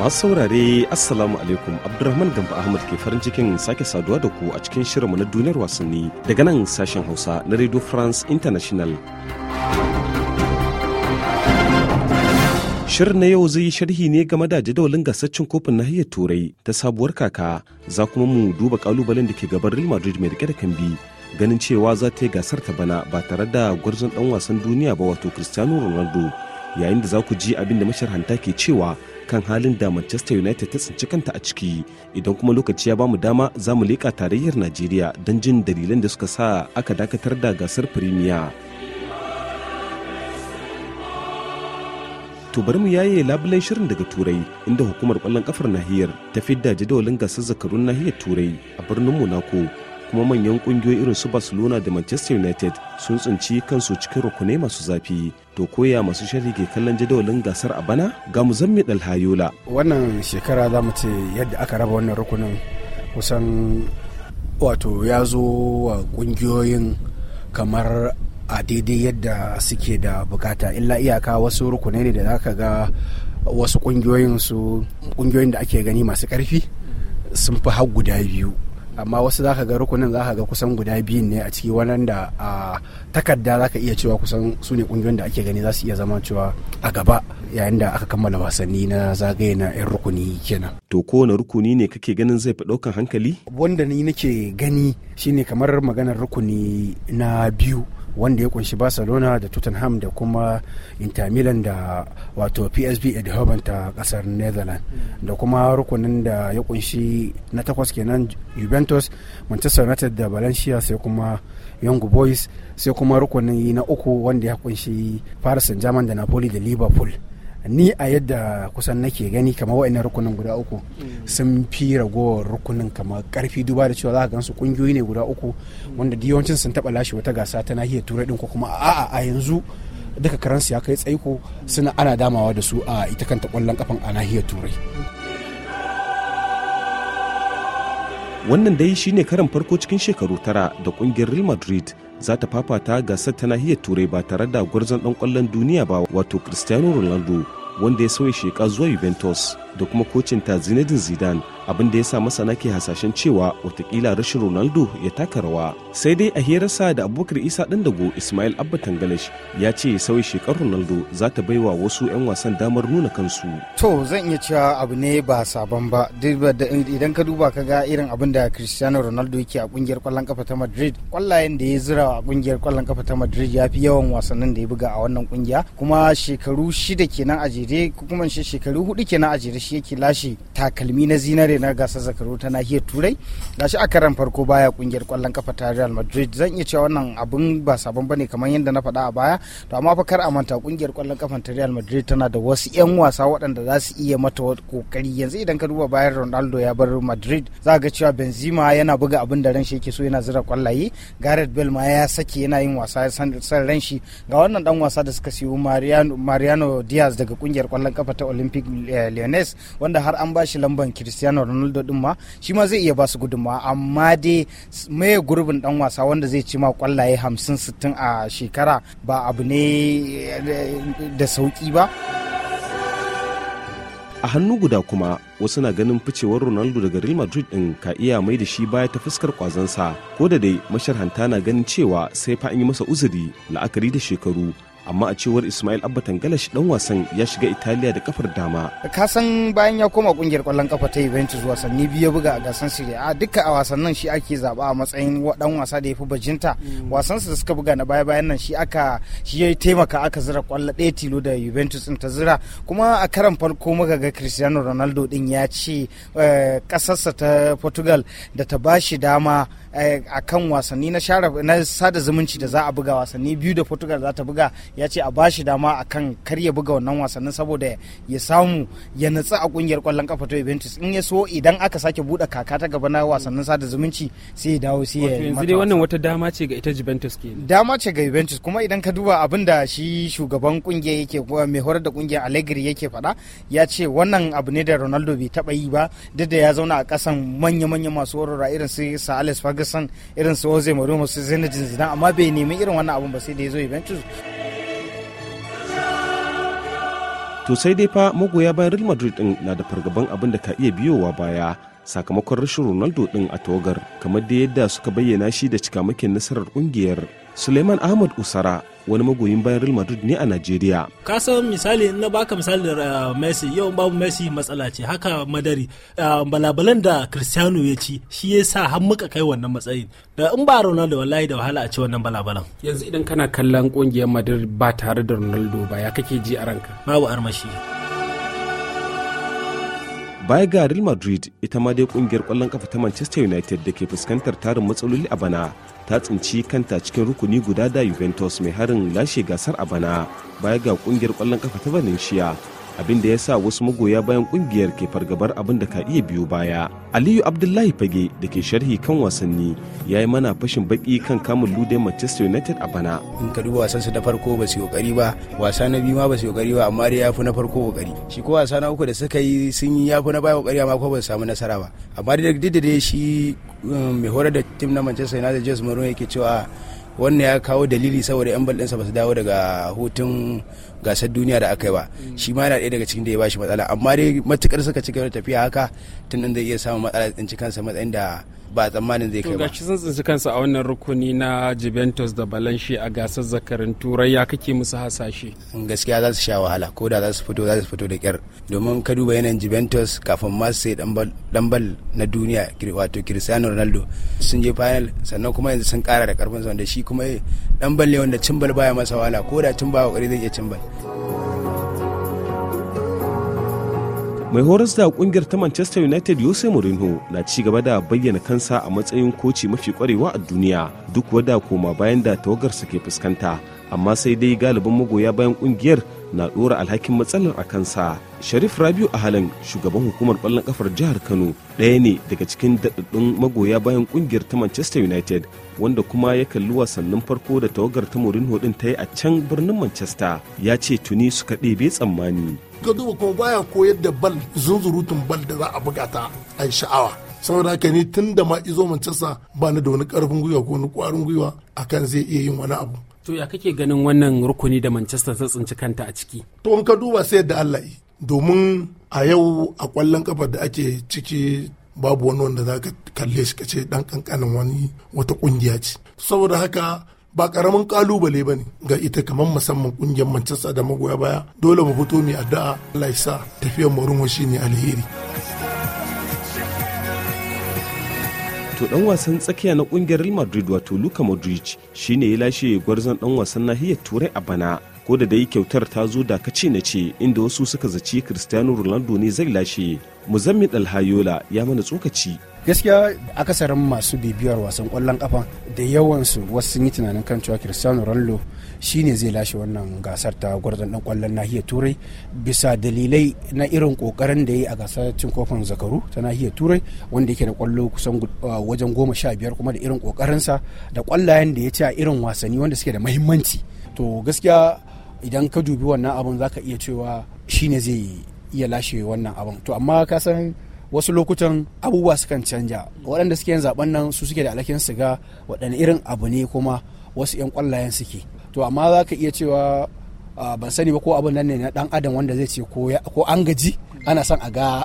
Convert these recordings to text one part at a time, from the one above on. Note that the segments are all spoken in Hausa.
masu saurare assalamu alaikum abdulrahman gamba ahmad ke farin cikin sake saduwa da ku a cikin shirinmu na duniyar wasanni daga nan sashen hausa na radio france international shirin na yau zai yi sharhi ne game da jadawalin gasaccin kofin nahiyar turai ta sabuwar kaka za kuma mu duba kalubalen da ke gaban real madrid mai rike da kambi ganin cewa za ta yi gasar ta bana ba tare da gwarzon dan wasan duniya ba wato cristiano ronaldo yayin da za ku ji abin da masharhanta ke cewa kan halin da Manchester United ta tsinci kanta a ciki idan kuma lokaci ya bamu dama za mu leƙa tarayyar Najeriya don jin dalilan da suka sa aka dakatar da gasar Premier. to bari mu yaye labulen shirin daga turai inda hukumar kwallon kafar nahiyar ta fidda jadawalin gasar zakarun nahiyar turai a birnin monaco kuma manyan kungiyoyi irin su barcelona da manchester united sun tsinci kansu cikin rukunai masu zafi to koya masu shari ke kallon jadawalin gasar a bana ga muzammi dalhayola wannan shekara za mu ce yadda aka raba wannan rukunin kusan wato ya zo wa kungiyoyin kamar a daidai yadda suke da bukata illa iyaka wasu rukunai ne da za ka ga wasu kungiyoyin su kungiyoyin da ake gani masu karfi sun fi har guda biyu amma wasu zaka ga rukunin zaka ga kusan guda biyun ne a ciki wannan da a takarda zaka iya cewa kusan su ne kungiyoyin da ake gani za su iya zama cewa a gaba yayin da aka kammala wasanni na zagaye na yan rukuni kenan to kowane rukuni ne kake ganin zai fi ɗaukan hankali wanda ni nake gani shine kamar maganar rukuni na biyu wanda ya kunshi barcelona da tottenham da kuma inter milan da wato psv eindhoven ta kasar netherlands da kuma rukunin da ya kunshi na takwas kenan juventus manchester united da valencia sai kuma young boys sai kuma rukunin na uku wanda ya kunshi paris saint germain da napoli da liverpool ni a yadda kusan nake gani kamar wa'annan rukunin guda uku sun fi ragowar rukunin kamar karfi duba da cewa za ka gansu kungiyoyi ne guda uku wanda yawancin sun taɓa lashe wata gasa ta nahiyar turai din ko kuma a'a a yanzu duka karansu ya kai tsaiko suna ana damawa da su a ita kanta kwallon kafan a nahiyar turai wannan dai shine karan farko cikin shekaru tara da kungiyar real madrid za ta fafata gasar ta nahiyar turai ba tare da gwarzon dan kwallon duniya ba wato cristiano ronaldo wanda ya sauya sheka zuwa juventus da kuma kocin ta zinedin zidan abin da ya sa masana ke hasashen cewa watakila rashin Ronaldo ya taka rawa. Sai dai a hirarsa da Abubakar Isa dago Ismail Abba Tangalish ya ce sauyi shekar Ronaldo za ta baiwa wasu 'yan wasan damar nuna kansu. To zan iya cewa abu ne ba sabon ba idan ka duba ka ga irin abin da Cristiano Ronaldo yake a kungiyar kwallon kafa ta Madrid kwallayen da ya zira a kungiyar kwallon kafa ta Madrid ya fi yawan wasannin da ya buga a wannan kungiya kuma shekaru shida kenan a jere kuma shekaru hudu kenan a jere shi yake lashe takalmi na zinare na gasar zakaru ta nahiyar turai lashe a karan farko baya kungiyar kwallon kafa ta real madrid zan iya cewa wannan abun ba sabon bane kamar yadda na faɗa a baya to amma fa kar a manta kungiyar kwallon kafa ta real madrid tana da wasu yan wasa waɗanda za su iya mata kokari yanzu idan ka duba bayan ronaldo ya bar madrid za ga cewa benzema yana buga abin da ran shi yake so yana zira kwallaye gareth bale ma ya sake yana yin wasa san ran shi ga wannan dan wasa da suka siyo mariano diaz daga kungiyar kwallon kafa ta olympic eh, leones wanda har an bashi lamban cristiano ronaldo din ma shi ma zai iya basu gudunmawa amma dai mai gurbin dan wasa wanda zai ci ma kwallaye 50 60 a shekara ba abu ne eh, da sauki ba a hannu guda kuma wasu na ganin ficewar ronaldo daga real madrid din ka iya mai da shi baya ta fuskar kwazansa ko da dai masharhanta na ganin cewa sai fa an yi masa uzuri la'akari da shekaru amma a cewar Ismail Abba Tangalash dan wasan ya shiga Italiya da kafar dama. Ka san bayan ya koma kungiyar kwallon kafa ta Juventus wasanni biyu ya buga a gasar Serie A duka a wasannin shi ake zaba a matsayin dan wasa da ya fi bajinta. Mm. Wasan da suka buga na baya bayan nan shi aka shi ya taimaka aka zira kwallo ɗaya tilo da Juventus ta zira kuma a karan farko muka ga Cristiano Ronaldo din ya ce kasarsa eh, ta Portugal da ta bashi dama Eh, a kan wasanni na share na sada zumunci da za a buga wasanni biyu da Portugal za ta buga ya ce a ba bashi dama a kan karya buga wannan wasannin saboda ya samu ya natsu a kungiyar kwallon kafa ta Juventus in ya so idan aka sake buɗe kaka ta gaba na wasannin sada zumunci sai ya dawo sai ya yanzu dai wannan wata dama ce ga ita Juventus ke dama ce ga Juventus kuma idan ka duba abin da shi shugaban kungiya yake mai horar da kungiyar Allegri yake faɗa ya ce wannan abu ne da Ronaldo bai taɓa yi ba duk da ya zauna a kasan manya-manya masu horora irin su Sir Alex Ferguson san irin su Jose Mourinho su Zinedine Zidane amma bai nemi irin wannan abun ba sai da ya zo Juventus to sai dai fa magoya bayan Real Madrid din na da fargaban abin da ka iya biyowa baya sakamakon rashin ronaldo din a togar kamar da yadda suka bayyana shi da cikamakin nasarar kungiyar suleiman ahmad usara wani magoyin bayan real madrid ne a nigeria ka san misali na baka misali da eh, messi yau babu messi matsala ce haka madari eh, balabalan da cristiano ya ci shi ya sa har muka kai wannan matsayin da in ba ronaldo wallahi da wahala a ci wannan balabalan yanzu idan kana kallon kungiyar madrid ba tare da ronaldo ba ya kake ji a ranka babu armashi baya ga real madrid ita ma dai kungiyar kwallon kafa ta manchester united da ke fuskantar tarin matsaloli a bana ta tsinci kanta cikin rukuni guda da juventus mai harin lashe gasar a bana baya ga kungiyar kwallon kafa ta valencia abin da ya sa wasu magoya bayan kungiyar ke fargabar abin da ka iya biyo baya aliyu abdullahi fage da ke sharhi kan wasanni ya yi mana fashin baki kan kamun lude manchester united a bana in ka duba wasan su na farko ba su kokari ba wasa na biyu ma ba su kokari ba amma dai ya fi na farko kokari shi ko wasa na uku da suka yi sun yi ya fi na baya kokari amma ko ba su samu nasara ba amma duk da dai shi um, mai horar da tim na manchester united jose mourinho yake cewa wannan ya kawo dalili saboda yan balɗinsa ba su dawo daga hutun gasar duniya da aka yi ba mm. shi ma yana ɗaya daga cikin da ya bashi matsala amma dai matukar suka ci da tafiya haka tun zai iya samun matsala tsinci kansa matsayin da ba tsammanin zai kai ba. Gashi sun tsinci kansu a wannan rukuni na Juventus da Balanshi a gasar zakarin Turai ya kake musu hasashe. Gaskiya za su sha wahala ko da za su fito za su fito da kyar domin ka duba yanayin Juventus kafin ma su sai dambal na duniya wato Cristiano Ronaldo sun je final sannan kuma yanzu sun kara da karfin sa wanda shi kuma dambal eh, ne wanda cimbal baya masa wahala ko da tun ba kokari zai iya cimbal. mai horas da kungiyar ta manchester united jose mourinho na ci gaba da bayyana kansa a matsayin koci mafi kwarewa a duniya duk wada koma bayan da tawagarsa ke fuskanta amma sai dai galibin magoya bayan kungiyar na dora alhakin matsalar a kansa sharif rabiu ahalan shugaban hukumar kwallon kafar jihar kano ɗaya ne daga cikin daɗaɗɗun magoya bayan kungiyar ta manchester united wanda kuma ya kalli wasannin farko da tawagar ta mourinho din ta yi a can birnin manchester ya ce tuni suka ɗebe tsammani duba kuma baya koyar da bal zunzurutun bal da za a buga ta ai sha'awa saboda haka ni tun da ma izo manchester ba ni da wani karfin gwiwa ko wani kwarin gwiwa akan zai iya yin wani abu to ya kake ganin wannan rukuni da manchester ta tsinci kanta a ciki to in ka duba sai da allah yi domin a yau a kwallon kafa da ake ciki babu wani wanda za ka kalle shi ka dan kankanin wani wata kungiya ce saboda haka ba karamin kalubale ba ne ga ita kamar musamman kungiyar manchester da magoya baya dole mu fito mu addu'a allah ya sa tafiyar mu ne alheri wato dan wasan tsakiya na kungiyar real madrid wato luka modric shine ya lashe gwarzon dan wasan nahiyar turai a bana ko da dai kyautar ta zo da kaci na ce inda wasu suka zaci cristiano ronaldo ne zai lashe muzammin alhayola ya mana tsokaci gaskiya akasarin masu bibiyar wasan kwallon kafa da yawansu wasu sun yi tunanin kan cewa cristiano ronaldo shine zai lashe wannan gasar ta gwarzon dan kwallon nahiyar turai bisa dalilai na irin kokarin da ya yi a gasar cin kofin zakaru ta nahiyar turai wanda yake da kwallo kusan wajen goma sha biyar kuma da irin kokarinsa da kwallayen da ya ci a irin wasanni wanda suke da mahimmanci to gaskiya idan ka dubi wannan abin za ka iya cewa shine zai iya lashe wannan abin to amma ka san wasu lokutan abubuwa sukan canja waɗanda suke yin zaben nan su suke da alhakin su ga waɗanne irin abu ne kuma wasu 'yan ƙwallayen suke to amma za ka iya cewa ah, ban sani ba ko abin nan ne na ɗan adam wanda zai ce ko an gaji ana son a ga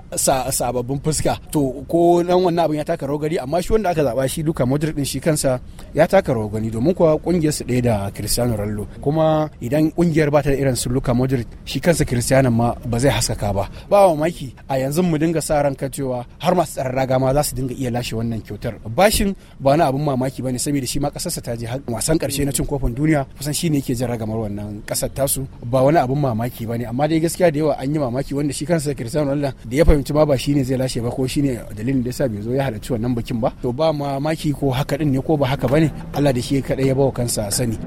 sababbin fuska to ko nan wannan abin ya taka rawar gani amma shi wanda aka zaba shi duka Modric din shi kansa ya taka rawar gani domin kuwa kungiyar su ɗaya da Cristiano Ronaldo kuma idan kungiyar ba ta da irin su Luka Modric shi kansa Cristiano ma ba zai haskaka ba ba wa maki a yanzu mu dinga sa ran cewa har masu raga ma za su dinga iya lashe wannan kyautar bashin ba na abin mamaki bane saboda shi ma kasarsa ta je wasan karshe na cin kofin duniya kusan shine yake jin ragamar wannan kasar tasu ba wani abin mamaki bane amma dai gaskiya da yawa an yi mamaki wanda shi kansa Cristiano Ronaldo da ya fahimci ma ba shine zai lashe ba ko shine dalilin da yasa bai zo ya halarci wannan bikin ba to ba mamaki ko haka din ne ko ba haka bane Allah da shi kadai ya bawa kansa sani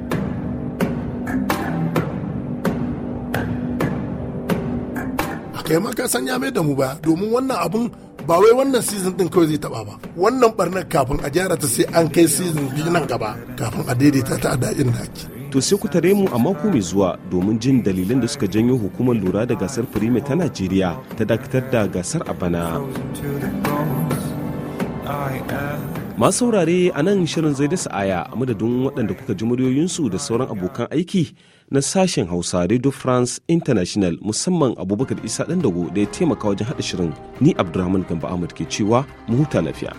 kai ma ka san ya mai da mu ba domin wannan abun ba wai wannan season din kawai zai taba ba wannan barnar kafin a jarata ta sai an kai season biyu nan gaba kafin a daidaita ta a daɗin da ake to sai ku tare mu a mako mai zuwa domin jin dalilan da suka janyo hukumar lura da gasar firime ta najeriya ta dakatar da gasar a bana masu saurare a nan shirin zai da sa'aya a madadin waɗanda kuka ji muryoyinsu da sauran abokan aiki na sashen hausa radio france international musamman abubakar isa ɗan dago da ya taimaka wajen haɗa shirin ni abdulrahman gamba ahmad ke cewa mu huta lafiya